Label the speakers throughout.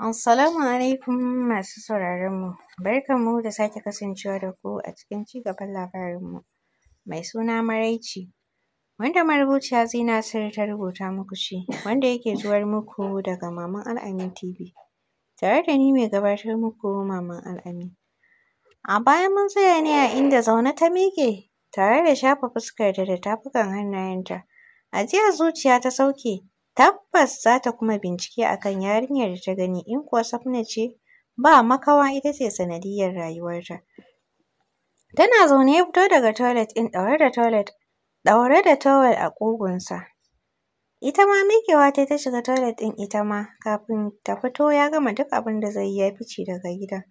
Speaker 1: Assalamu alaikum masu sauraron mu. Barkanmu da sake kasancewa da ku a cikin cigaban labarin mu. Mai suna Maraici. Wanda marubuciya Zina Sir ta rubuta muku shi, wanda yake zuwar muku daga Maman Al'amin TV. Tare da ni mai gabatar muku Maman Al'amin. A baya mun tsaya ne a inda Zauna ta miƙe tare da shafa fuskar da tafukan hannayenta. a jiya zuciya ta sauke Tabbas za ta kuma bincike a kan yarinyar da ta gani in kuwa Safna ce ba makawa ita ce sanadiyyar rayuwarta. Tana zaune ya fito daga toilet ɗin ɗaure da toilet ɗaure da towel a ƙugunsa. Ita ma miƙewa ta ta shiga toilet ɗin ita ma kafin ta fito ya gama duk abin da zai yi ya fice daga gidan.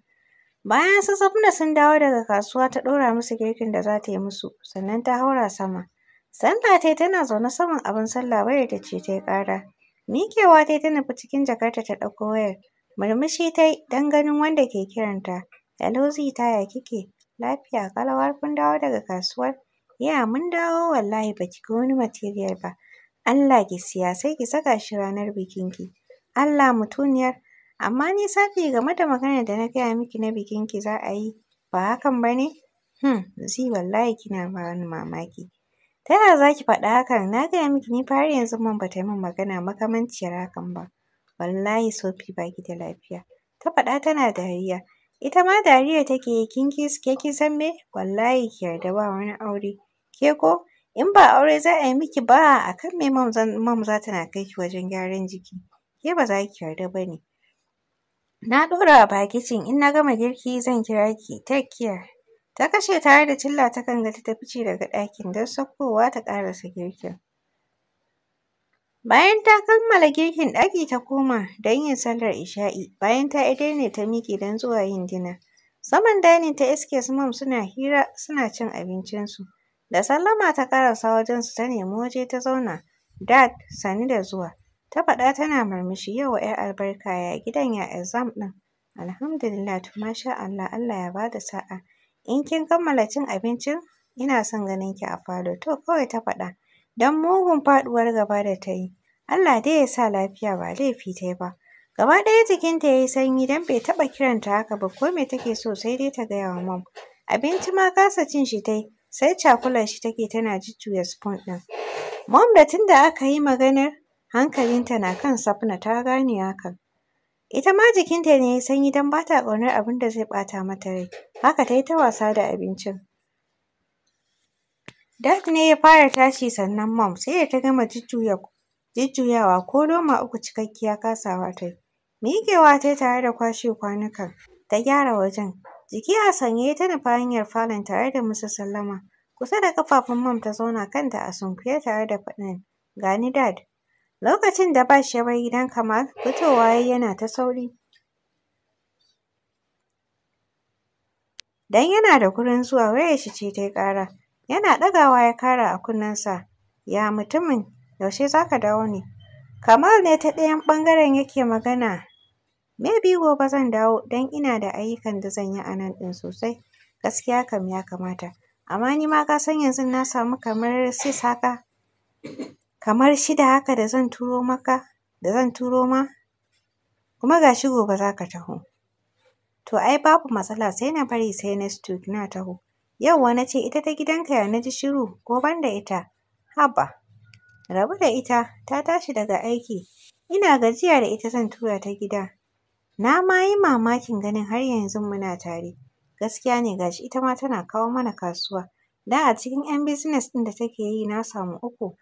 Speaker 1: Bayan su Safna sun dawo daga kasuwa ta ɗora musu girkin da za ta yi musu sannan ta haura sama. Sanda tai tana zaune saman abin sallah ta ce ta yi ƙara. Miƙewa tai ta nufi cikin jakarta ta ɗauko wayar. Murmushi ta yi don ganin wanda ke kiranta. Hello Zita ya kike? Lafiya ƙalau kun dawo daga kasuwar? Ya mun dawo wallahi ba ki ga wani material ba. Allah ki siya sai ki saka shi ranar bikin ki. Allah mutuniyar. Amma ni safi game da maganar da na gaya miki na bikin ki za a yi. Ba hakan ba ne? Hmm, zi wallahi kina bani mamaki. Ta yaya za ki faɗi hakan? Na gaya miki ni fa har yanzu man bata ta yi min magana makamanciyar hakan ba. Wallahi sofi ba ki da lafiya. Ta faɗa tana dariya. Ita ma dariya take yi kin ke kin san me? Wallahi ki yarda ba wani aure. Ke ko in ba aure za a yi miki ba a kan me mam za ta na kai ki wajen gyaran jiki. Ke ba za ki yarda ba ne. Na ɗora a bakicin in na gama girki zan kira ki. Take care. Ta kashe tare da cilla ta ga ta ci daga ɗakin don saukowa ta ƙarasa girkin. Bayan ta kammala girkin ɗaki ta koma don yin sallar isha'i. Bayan ta yi ne ta miƙe don zuwa yin dina. Saman dining ta iske su mom suna hira suna cin abincinsu. Da sallama ta ƙarasa wajensu ta nemi waje ta zauna. Dad sani da zuwa. Ta faɗa tana murmushi yauwa 'yar albarka ya gidan ya exam ɗin? Alhamdulillah to masha Allah Allah ya ba da sa'a. In kin kammala cin abincin, ina son ganin ki a falo. To kawai ta faɗa, don mugun faɗuwar gaba da ta yi. Allah dai ya sa lafiya ba laifi ta yi ba. Gaba ɗaya jikinta ya yi sanyi don bai taɓa kiranta haka ba ko me take so sai dai ta gaya wa mom. Abinci ma kasa cin shi ta yi, sai cakulan shi take tana jujjuya spoon ɗin. Mom da tun da aka yi maganar hankalinta na kan Safna ta gane hakan. Ita ma jikinta ne ya yi sanyi don ba ta ƙaunar abin da zai ɓata mata rai. Haka ta yi ta wasa da abincin. Dad ne ya fara tashi sannan mom sai da ta gama jujjuya jujjuyawa ko loma uku cikakkiya kasawa ta yi. Miƙewa ta yi tare da kwashe kwanukan ta gyara wajen. Jiki a sanye ta nufa hanyar falon tare da musu sallama. Kusa da ƙafafun mom ta zauna kanta a sunkuye tare da faɗin ga ni dad Lokacin da ba ya bar gidan kamar fitowa ya yana ta sauri. dan yana da gurin zuwa shi ce ta yi ƙara. Yana ɗagawa ya kara a kunnen sa. Ya mutumin, yaushe zaka dawo ne? Kamal ne ta ɗayan ɓangaren yake magana. Maybe gobe zan dawo dan ina da ayyukan da zan yi a nan ɗin sosai. Gaskiya kam ya kamata. Amma ni ma ka san yanzu na samu kamar sis haka. kamar shida haka da zan turo maka da zan turo ma kuma ga shi gobe za ka taho to ai babu matsala sai na bari sai na sito na taho yauwa na ce ita ta gidanka ya na ji shiru ko ban da ita haba rabu da ita ta tashi daga aiki ina gajiya da ita zan tura ta gida na ma yi mamakin ganin har yanzu muna tare gaskiya ne gashi ita ma tana kawo mana kasuwa da a cikin 'yan bizines ɗin da take yi na samu uku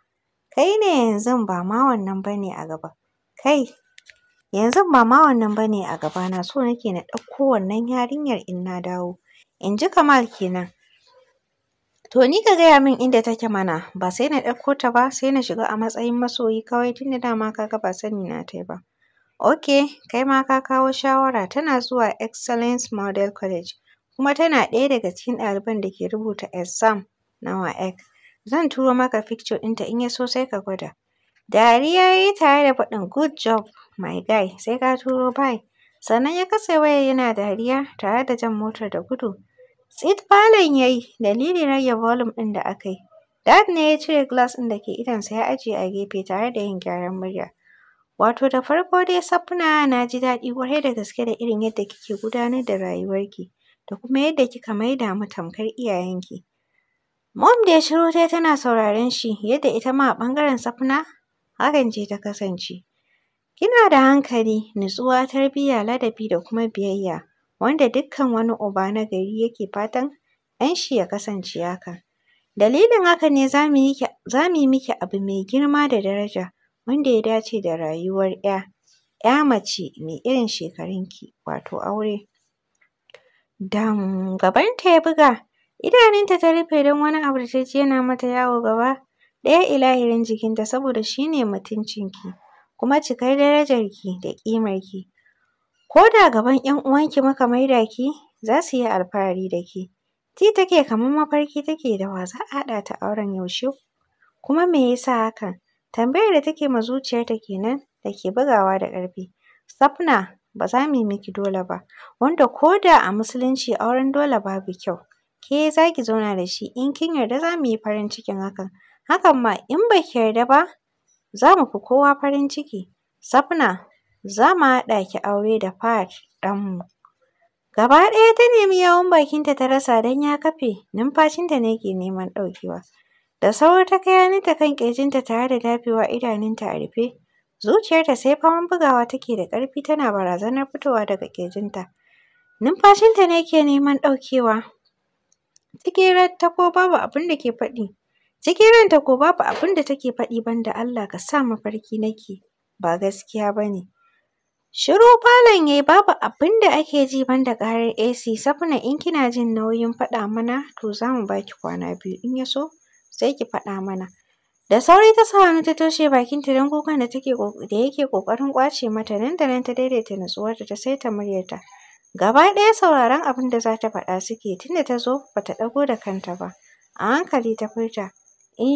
Speaker 1: Kai ne yanzun ba ma wannan ba ne a gaba. Kai, yanzun ba ma wannan ba ne a na so nake na ɗauko wannan yarinyar in na dawo. In ji Kamal kenan. To ni ka gaya min inda take mana, ba sai na ɗauko ta ba sai na shiga a matsayin masoyi kawai tunda dama ka ga ba sani na ta ba. Ok, kai ma ka kawo shawara tana zuwa Excellence Model College kuma tana ɗaya daga cikin ɗaliban da ke rubuta exam na ek. Zan turo maka picture ɗinta in ya so sai ka gwada. Dariya ya yi tare da faɗin good job my guy sai ka turo bye. Sannan ya katse waya yana dariya tare da jan motar da gudu. Tsit falon ya yi dalilin rage volume ɗin da aka yi. Dad ne ya cire glass ɗin da ke idonsa ya ajiye a gefe tare da yin gyaran murya. Wato da farko dai Safna na ji daɗi ƙwarai da gaske da irin yadda kike gudanar da rayuwarki da kuma yadda kika maida mu tamkar iyayenki. Mom da ya shiru tai tana sauraren shi yadda ita ma a ɓangaren safuna, hakan ce ta kasance. Kina da hankali, nutsuwa, tarbiyya, ladabi da kuma biyayya wanda dukkan wani uba na gari yake fatan Yan shi ya kasance haka. Dalilin haka ne za mu yi miki abu mai girma da daraja wanda ya dace da rayuwar ‘ya, ‘ya mace mai irin shekarunki wato aure. Dam! Gabanta ya buga Idanunta ta rufe don wani abu da ta ji yana mata yawo gaba ɗaya ilahirin jikinta saboda shi ne mutuncinki kuma cikar darajar ki da ki. Ko da gaban ‘yan uwanki muka maida ki, za su yi alfahari da ke. ti take kamar mafarki take da wa za a haɗa ta auren yaushe kuma me ya sa hakan? Tambayar da take ma zuciyarta kenan da ke bugawa da ƙarfi. Safna ba za mu yi miki dole ba, wanda ko da a Musulunci auren dole babu kyau. ke za ki zauna da shi in kin yarda za mu yi farin cikin hakan. Hakan ma in ba ki yarda ba za mu fi kowa farin ciki. Safna za mu haɗa ki aure da Fahad ɗanmu. Gaba ɗaya ta nemi yawun bakinta ta rasa don ya kafe numfashinta ne ke neman ɗaukewa. Da saura ta kai hannunta kan ƙirjinta tare da dafewa idanunta a rufe. Zuciyarta sai faman bugawa take da ƙarfi tana barazanar fitowa daga ƙirjinta. Numfashinta ne ke neman ɗaukewa. cikin ranta ko babu abin da ke faɗi ko babu abin da take faɗi banda Allah ka sa mafarki nake ba gaskiya ba ne. shiru falon yayi babu abin da ake ji banda ƙarar AC Safna in kina jin nauyin faɗa mana to za ba baki kwana biyu in ya so sai ki faɗa mana da sauri ta sa na ta toshe bakinta don kukan da take da yake ƙoƙarin ƙwace mata nan da nan ta daidaita natsuwarta ta saita muryarta Gaba ɗaya sauraron abin da za ta faɗa suke tunda ta zo ba ta ɗago da kanta ba. A hankali ta furta,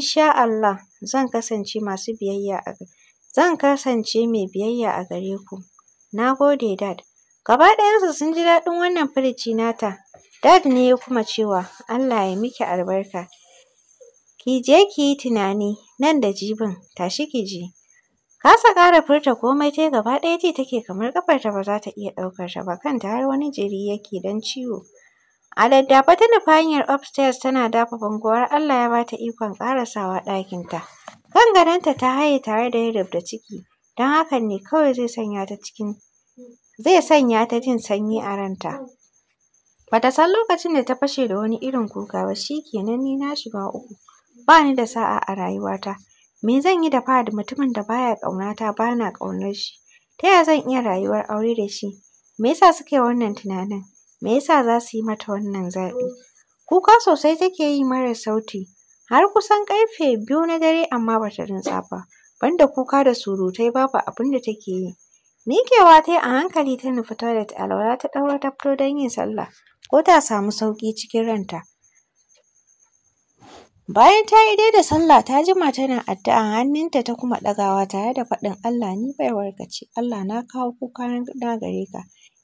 Speaker 1: sha Allah zan kasance masu biyayya a zan kasance mai biyayya a gare ku. Na gode Dad. Gaba ɗayansu sun ji daɗin wannan firici nata. Dad ne ya kuma cewa Allah ya miki albarka. Ki je ki yi tunani nan da jibin, tashi ki je. Kasa ƙara furta komai tai gaba ɗaya ji take kamar ƙafarta ba za ta iya ɗaukar ta ba, kanta har wani jiri yake dan ciwo. A daddafa ta nufa hanyar upstairs tana dafa banguwar Allah ya ba ta ikon ƙarasawa ta Kan gadon ta ta haye tare da yadda da ciki, don hakan ne kawai zai sanya ta cikin zai sanya ta jin sanyi a ranta. Ba ta san lokacin da ta fashe da wani irin kuka ba, shi kenan ni na shiga uku, bani da sa'a a rayuwata. Me zan yi da fara mutumin da baya ƙaunata bana ƙaunar shi? Ta ya zan iya rayuwar aure da shi? Me yasa suka wannan tunanin? Me yasa za su yi mata wannan zaɓi? Kuka sosai take yi mara sauti har kusan ƙarfe biyu na dare amma ta rintsa ba. Banda kuka da surutai babu abin da take yi. Miƙewa ta yi a hankali ta nufi toilet alwala ta ɗauro ta fito don yin sallah ko ta samu sauƙi cikin ranta. Bayan ta yi dai da sallah ta jima tana addu'a hannunta ta kuma ɗagawa tare da faɗin Allah ni baiwarka ce, Allah na kawo kuka na gare ka,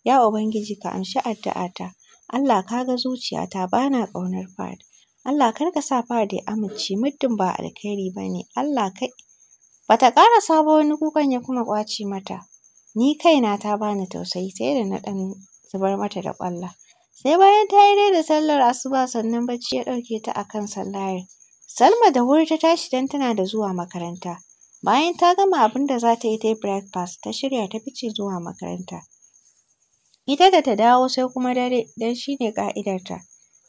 Speaker 1: ya Ubangiji ka amshi ta. Allah ka ga zuciyata ba na ƙaunar Fahad. Allah kar ka sa Fahad ya amince muddin ba alkhairi ba ne, Allah kai. Bata ƙara sabo wani kukan ya kuma ƙwace mata, ni kaina ta bani tausayi sai da na ɗan zubar mata da kwalla Sai bayan ta yi daida sallar asuba sannan bacci ya ɗauke ta a kan sallayar. Salma da wuri ta tashi don tana da zuwa makaranta. Bayan ta gama abin da za ta yi ta yi breakfast ta shirya ta fice zuwa makaranta. Ita da ta dawo sai kuma dare don shi ne ƙa'idarta.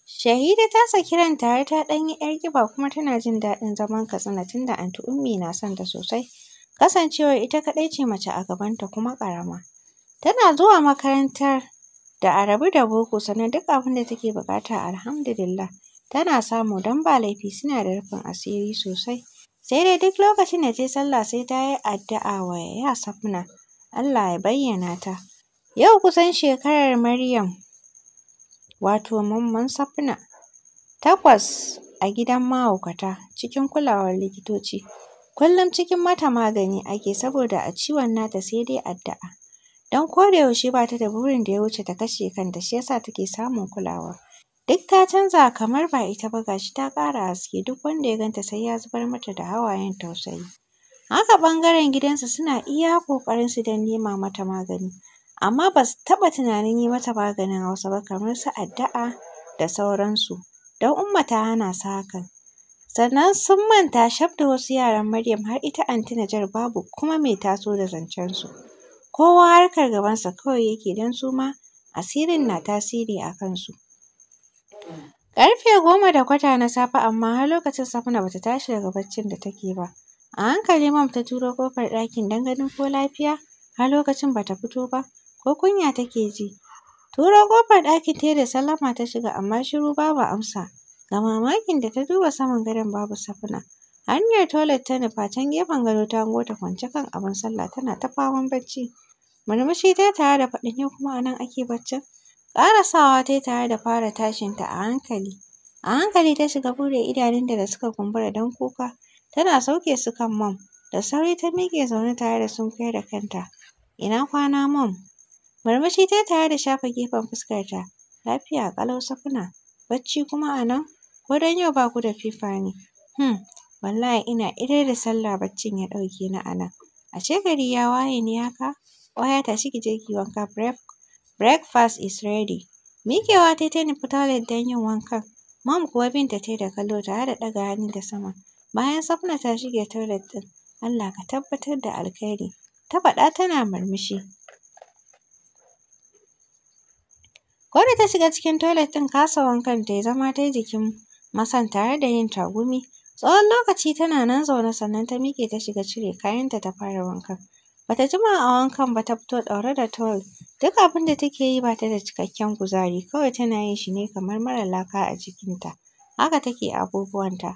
Speaker 1: Shahida ta saki ranta tare ta ɗan yi ‘yar ƙiba kuma tana jin daɗin zaman Katsina tunda Anti Ummi na son ta sosai. Kasancewar ita kaɗai ce mace a gabanta kuma ƙarama. Tana zuwa makarantar da a rabu da boko sannan duk abin da take bukata alhamdulillah tana samu don ba laifi suna da rufin asiri sosai sai dai duk lokacin da ta sallah sai ta yi addu'a wa ya safna Allah ya bayyana ta yau kusan shekarar Maryam wato mamman safna takwas a gidan mahaukata cikin kulawar likitoci kullum cikin mata magani ake saboda a ciwon nata sai dai addu'a don ko da yaushe ba ta da burin da ya wuce ta kashe kanta shi yasa take samun kulawa duk ta canza kamar ba ita ba gashi ta ƙara haske duk wanda ya ganta sai ya zubar mata da hawayen tausayi haka ɓangaren gidansu suna iya ƙoƙarinsu don nema mata magani amma ba su taɓa tunanin yi mata maganin hausa ba kamar su addu'a da sauransu don umma ta hana su hakan sannan sun manta shaf da wasu yaran maryam har ita anti najar babu kuma mai taso da zancensu kowa harkar gabansa kawai yake don su ma asirin na tasiri a kansu. Ƙarfe goma da kwata na safe amma har lokacin Safna bata tashi daga baccin da take ba. A hankali Mam ta turo ƙofar ɗakin don ganin ko lafiya har lokacin bata fito ba ko kunya take ji. Turo ƙofar ɗakin tayi da sallama ta shiga amma shiru babu amsa. Ga mamakin da ta duba saman gadon babu Safna. hanyar toilet ta nufa can gefen gado ta hango ta kwance kan abin sallah tana ta faman bacci. Murmushi ta tare da faɗin ya kuma a nan ake baccin. Ƙarasawa ta tare da fara tashin ta a hankali. A hankali ta shiga buɗe idanun da suka kumbura don kuka. Tana sauke su kan mom. Da sauri ta miƙe zaune tare da sunkuyar da kanta. Ina kwana mom? Murmushi ta tare da shafa gefen fuskar ta Lafiya ƙalau safuna. Bacci kuma anan Ko don yau ba ku da fifa ne? Hmm. Wallahi ina idar da sallah baccin ya ɗauke ni a nan. Ashe gari ya waye ni haka? Oya tashi ki je ki wanka breakfast is ready. Miƙewa tai ta fita toilet don yin wankan. Mom kuwa binta tai da kallo tare da ɗaga da sama. Bayan Safna ta shige toilet ɗin. Allah ka tabbatar da alkhairi. Ta faɗa tana murmushi. Ko da ta shiga cikin toilet ɗin kasa wankan tai zama tai jikin masan tare da yin tagumi. Tsawon lokaci tana nan zaune sannan ta miƙe ta shiga cire kayanta ta fara wankan. Bata jima a wankan ba ta fito ɗaure da towel. Duk abin da take yi bata da cikakken kuzari kawai tana yin shi ne kamar mara laka a jikinta. Haka take abubuwanta.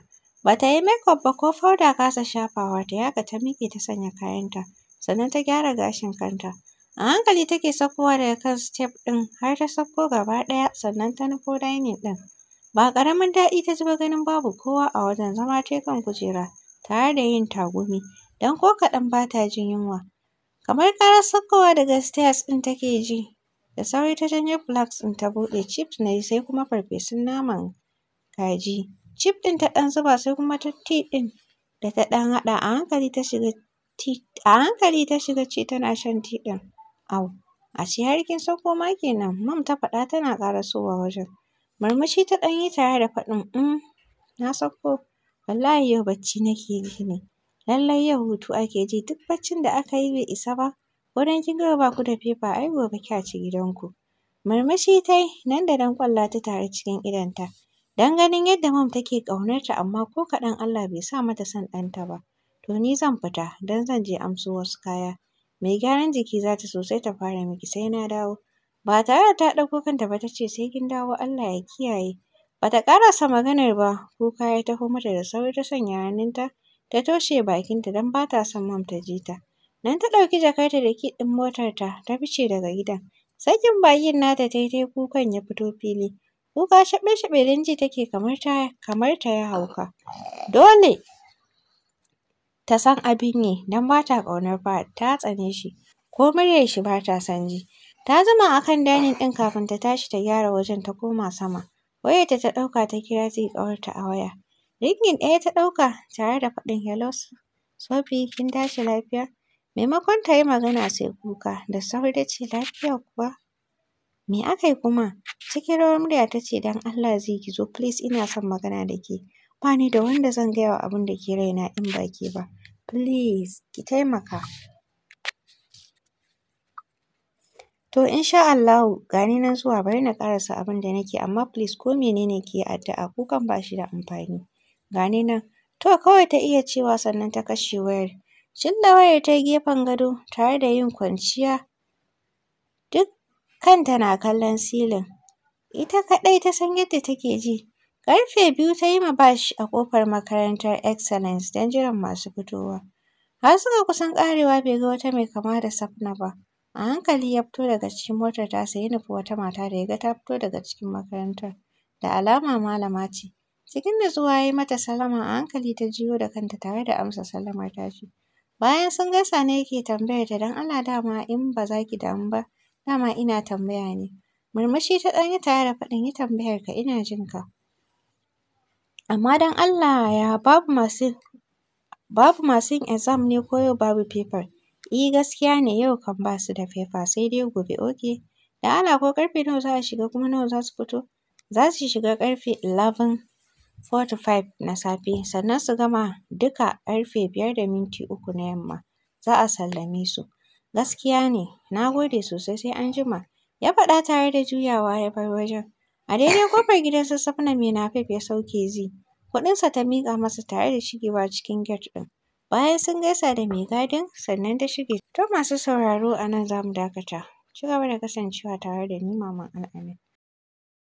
Speaker 1: Bata yi up ba ko powder kasa shafawa ta haka ta miƙe ta sanya kayanta sannan ta gyara gashin kanta. A hankali take saukowa daga kan step ɗin har ta sauko gaba ɗaya sannan ta nufo dainin ɗin. Ba ƙaramin daɗi ta zuba ganin babu kowa a wajen zama ta kan kujera tare da yin tagumi don ko kaɗan ba ta jin yunwa. Kamar ƙarar saukowa daga stairs ɗin take ji. Da sauri ta janyo flags ɗin ta buɗe chips na yi sai kuma farfesun naman kaji. Chip ɗin ta ɗan zuba sai kuma ta tea ɗin da ta ɗan haɗa a hankali ta shiga tea a hankali ta shiga tana shan tea ɗin. Au! Ashe har sauko ma kenan, mam ta faɗa tana ƙarasowa wajen. Murmushi ta ɗan yi tare da faɗin um, na sauko. Wallahi yau bacci nake ji ne. Lallai yau hutu ake ji duk baccin da aka yi bai isa ba. Ko don kin ga ba ku da fefa ai gobe kya ci gidanku. Murmushi ta yi nan da nan ƙwalla ta taru cikin idonta. Don ganin yadda mam take ƙaunarta amma ko kaɗan Allah bai sa mata son ɗanta ba. To ni zan fita don zan je amso wasu kaya. Mai gyaran jiki za ta so sai ta fara miki sai na dawo. Ba tare da ta ɗauko kanta ba ta ce sai kin dawo Allah ya kiyaye. Ba ta ƙarasa maganar ba kuka ya taho mata da sauri ta sanya hannunta ta toshe bakinta don ba ta son mom ta ji ta. Nan ta ɗauki jakarta da ki ɗin motarta ta fice daga gidan. Sakin bakin nata ta tai kukan ya fito fili. Kuka shaɓe-shaɓe don ji take kamar ta kamar ta yi hauka. Dole ta san abin yi don ba ta ƙaunar ba ta tsane shi ko muryar shi ba ta son ji. Ta zama a kan dining ɗin kafin ta tashi ta gyara wajen ta koma sama. Wayarta ta ɗauka ta kira zai ƙawarta a waya. Ringin ɗaya ta ɗauka tare da faɗin hello Sophie kin tashi lafiya? Maimakon ta yi magana sai kuka da sauri ta ce lafiya kuwa? Me aka yi kuma? Cikin rawar murya ta ce don Allah zai ki zo please ina son magana da ke. Ba ni da wanda zan gaya wa abin da ke raina in ba ke ba. Please ki taimaka. To in sha Allahu gani nan zuwa bari na ƙarasa abin da nake amma please ko menene ke yi addu'a kukan ba shi da amfani. Gani nan to kawai ta iya cewa sannan ta kashe wayar. Cilla wayar ta yi gefen gado tare da yin kwanciya duk kanta na kallon silin. Ita kaɗai ta san yadda take ji. Ƙarfe biyu ta yi ma bash a ƙofar makarantar Excellence don jiran masu fitowa. Har suka kusan ƙarewa bai ga wata mai kama da Safna ba. A hankali ya fito daga cikin motar ta sayi nufi wata mata da ya ga ta fito daga cikin makarantar. Da alama malama ce. Cikin natsuwa ya yi mata salama, a hankali ta jiyo da kanta tare da amsa ta ce. Bayan sun gaisa ne yake tambayar ta don Allah dama in ba za ki damu ba dama ina tambaya ne. Murmushi ta ɗan yi tare da faɗin yi tambayar ka ina jin ka. Amma don Allah ya babu masu babu masu yin exam ne ko yau babu paper? I e, gaskiya ne yau kan ba su da fefa sai dai gobe oke. Da Allah ko ƙarfe nawa za a shiga kuma nawa za su fito? Za su shiga ƙarfe 11:45 na safe sannan su gama duka karfe biyar da minti uku na yamma. Za a sallame su. Gaskiya ne, na gode sosai sai an jima. Ya faɗa tare da juyawa ya bar wajen. A daidai ƙofar gidan su mai ya sauke zi. Kuɗinsa ta miƙa masa tare da shigewa cikin gate ɗin. Bayan sun gaisa da mai gadin sannan ta shige. To masu sauraro a nan za mu dakata. Ci gaba da kasancewa tare da ni Maman Al'amin.